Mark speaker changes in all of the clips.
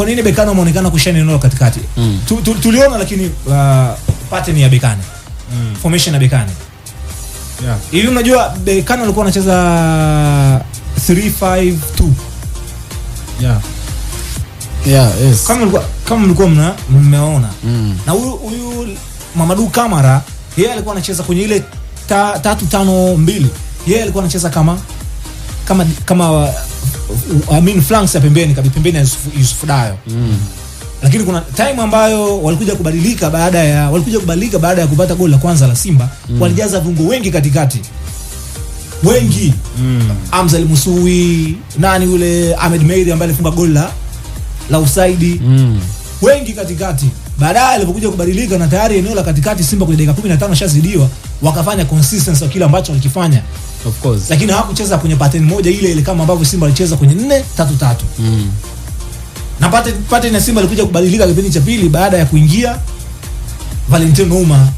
Speaker 1: kwa nini Bekano ameonekana nalo katikati mm. tu, tu, tuliona lakini uh, pattern ya Bekano mm. formation ya Bekano yeah. Hivi unajua Bekano alikuwa anacheza 352
Speaker 2: yeah Yeah, yes.
Speaker 1: Kama mlikuwa kama mlikuwa mna mmeona. Mm. Na huyu huyu Mamadu Kamara yeye alikuwa anacheza kwenye ile ta, tatu tano Yeye alikuwa anacheza kama kama kama Amin flanks ya pembeni kabi pembeni ya Yusuf Dayo mm. Lakini kuna time ambayo walikuja kubadilika baada ya walikuja kubadilika baada ya kupata goli la kwanza la Simba mm. Walijaza viungo wengi katikati wengi mm. Amzal Musui nani yule Ahmed Meiri ambaye alifunga goli la la usaidi mm. wengi katikati. Baadaye alipokuja kubadilika na tayari eneo la katikati Simba kwenye dakika 15 shazidiwa wakafanya consistency wa kile ambacho walikifanya of course, lakini hawakucheza kwenye pattern moja ile ile kama ambavyo Simba alicheza kwenye 4 3 3 mm. na pattern pattern ya Simba ilikuja kubadilika kipindi cha pili baada ya kuingia Valentino Uma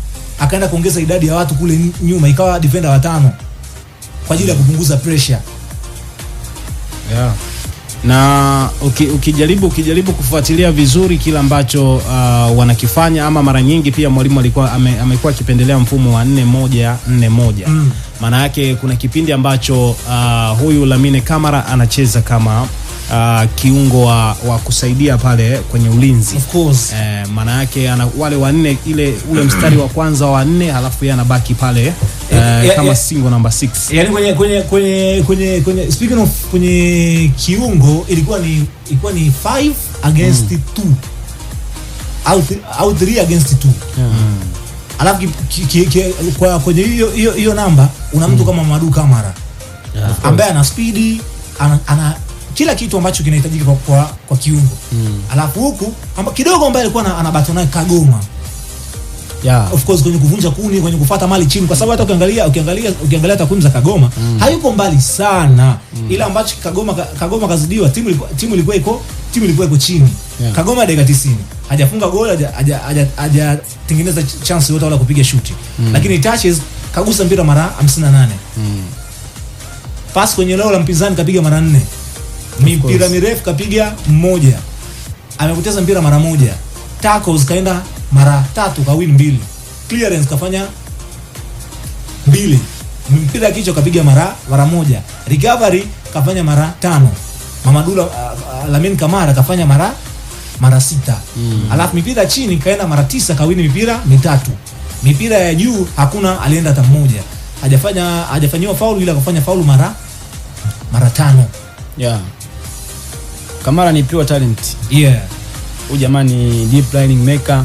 Speaker 1: akaenda kuongeza idadi ya watu kule nyuma, ikawa defender watano kwa ajili ya kupunguza pressure
Speaker 2: yeah na uki, ukijaribu ukijaribu kufuatilia vizuri kila ambacho uh, wanakifanya ama mara nyingi pia mwalimu alikuwa ame, amekuwa akipendelea mfumo wa 4 moja 4 moja mm. maana mm. yake kuna kipindi ambacho uh, huyu Lamine Kamara anacheza kama uh, kiungo wa, wa kusaidia pale kwenye ulinzi of course. Eh, maana yake ana wale wanne ile ule mstari wa kwanza wa nne halafu yeye anabaki pale eh, yeah, kama yeah. single number 6.
Speaker 1: yani kwenye kwenye kwenye kwenye kwenye speaking of kwenye kiungo ilikuwa ni ilikuwa ni 5 against 2 mm. au au 3 against 2. Mm. Alafu kwa kwenye hiyo hiyo hiyo namba una mtu mm. kama Madu Kamara yeah, ambaye ana speed ana, ana kila kitu ambacho kinahitajika kwa, kwa, kwa kiungo mm. Alafu huku amba, kidogo ambaye alikuwa anabatana naye Kagoma yeah. Of course kwenye kuvunja kuni, kwenye kufata mali chini, kwa sababu hata ukiangalia ukiangalia ukiangalia takwimu za Kagoma mm. hayuko mbali sana mm. ila ambacho Kagoma Kagoma kazidiwa, timu ilikuwa timu ilikuwa iko timu ilikuwa iko chini yeah. Kagoma dakika 90 hajafunga goli, hajatengeneza chance yote wala kupiga shuti mm. lakini touches kagusa mpira mara 58 mm. pass kwenye lao la mpinzani kapiga mara 4 mipira mirefu kapiga mmoja, amepoteza mpira mara moja, tackles kaenda mara tatu, kawin mbili, clearance kafanya mbili, mpira kichwa kapiga mara mara moja, recovery kafanya mara tano, Mamadula uh, uh Lamine Kamara kafanya mara mara sita mm. Alafu mipira chini kaenda mara tisa, kawini mipira mitatu. Mipira ya juu hakuna alienda hata mmoja, hajafanya hajafanyiwa faulu, ila kafanya faulu mara mara tano
Speaker 2: yeah. Kamara ni pure talent. Yeah. Huyu jamani deep lining maker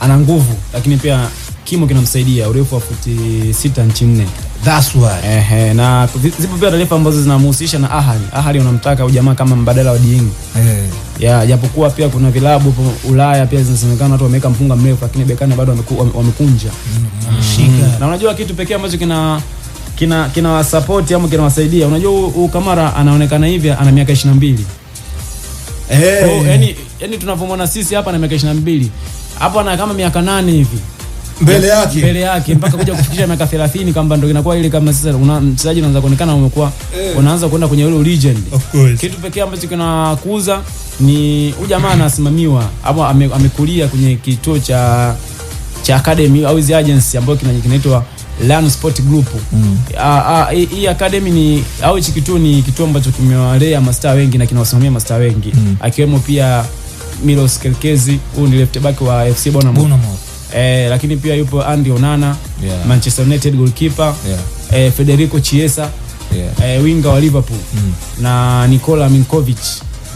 Speaker 2: ana nguvu lakini pia kimo kinamsaidia urefu wa futi sita nchi nne.
Speaker 1: That's why.
Speaker 2: Eh, na zipo pia taarifa ambazo zinamhusisha na Ahali. Ahali unamtaka ujamaa kama mbadala wa Dieng. Eh. Yeah, japokuwa pia kuna vilabu Ulaya pia zinasemekana watu wameweka mpunga mrefu lakini bekani bado wamekunja. Mm, mm. Na unajua kitu pekee ambacho kina kina kinawasapoti ama kinawasaidia, unajua huyu Kamara anaonekana hivi ana miaka 22 hey. Kwa yani yani tunavyomwona sisi hapa na miaka 22 hapo ana kama miaka nane hivi mbele yake mbele yake mpaka kuja kufikisha miaka 30 kwamba ndio inakuwa ile kama sasa una mchezaji unaanza kuonekana umekuwa hey. Eh. unaanza kwenda kwenye ile legend Kitu pekee ambacho kinakuuza ni huyu jamaa anasimamiwa hapo amekulia kwenye kituo cha cha academy au hizi agency ambayo kinaitwa Lion Sport Group. Mm. Ah, ah, hii academy ni au hichi kituo ni kituo ambacho kimewalea mastaa wengi na kinawasimamia mastaa wengi mm. akiwemo pia Milos Kerkezi, huyu ni left back wa FC Bournemouth. Eh, lakini pia yupo Andy Onana yeah. Manchester United goalkeeper yeah. Eh, Federico Chiesa yeah. Eh, winga wa Liverpool mm. na Nikola Minkovic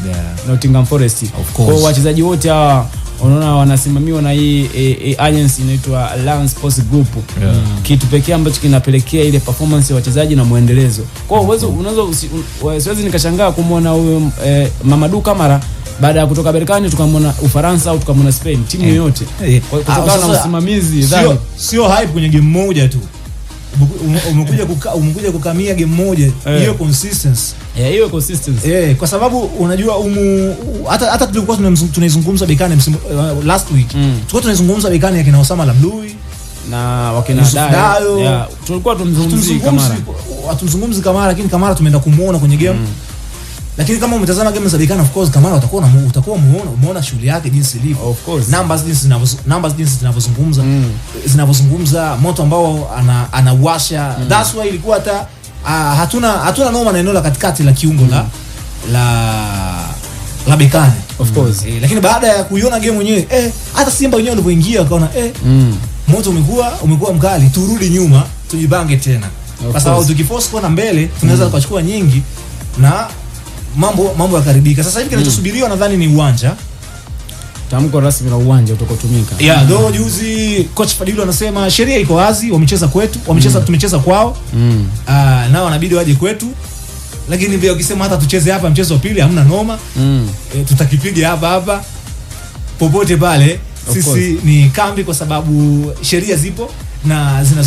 Speaker 2: yeah. Nottingham Forest. Kwa wachezaji wote hawa unaona wanasimamiwa na hii e, e, agency inaitwa Lance Sports Group yeah. kitu pekee ambacho kinapelekea ile performance ya wachezaji na mwendelezo kwa hiyo uwezo mm. unaweza siwezi nikashangaa kumwona huyo e, Mamadou Kamara baada ya kutoka Berkane tukamwona Ufaransa au tukamwona Spain timu eh. yoyote yeah. kutokana ah, na usimamizi
Speaker 1: dhani sio hype kwenye game moja tu umekuja umekuja kukamia game moja eh. hiyo yeah. Consistency
Speaker 2: yeah, hiyo consistency
Speaker 1: eh, kwa sababu unajua umu hata hata tulikuwa tunaizungumza Bekane msimu uh, last week mm. tulikuwa tunaizungumza yake na Osama Labdui
Speaker 2: na wakina
Speaker 1: Dayo
Speaker 2: yeah. tulikuwa tunazungumzi Kamara,
Speaker 1: hatumzungumzi Kamara, lakini Kamara tumeenda kumuona kwenye game mm lakini kama umetazama game za Bigana, of course Kamara utakuwa utakuwa umeona umeona shughuli yake jinsi ilivyo. Of course. Numbers jinsi zinavyo numbers jinsi zinavyozungumza mm. zinavyozungumza moto ambao ana anawasha. Mm. That's why ilikuwa hata uh, hatuna hatuna noma na eneo la katikati la kiungo mm. la la la Bigana. Of course. Mm. Eh, lakini baada ya kuiona game yenyewe eh hata Simba wenyewe walipoingia wakaona eh mm. moto umekuwa umekuwa mkali, turudi nyuma tujibange tena. Kwa sababu tukiforce kona mbele tunaweza mm. kuchukua nyingi na mambo mambo yakaribika. Sasa hivi kinachosubiriwa mm. nadhani ni uwanja,
Speaker 2: tamko rasmi la uwanja utakotumika.
Speaker 1: Yeah, though juzi coach Fadilo anasema sheria iko wazi, wamecheza kwetu, wamecheza mm. tumecheza kwao mm. Ah, nao wanabidi waje kwetu lakini vile ukisema hata tucheze hapa mchezo wa pili hamna noma mm. E, tutakipiga hapa hapa popote pale. Sisi ni kambi, kwa sababu sheria zipo na zina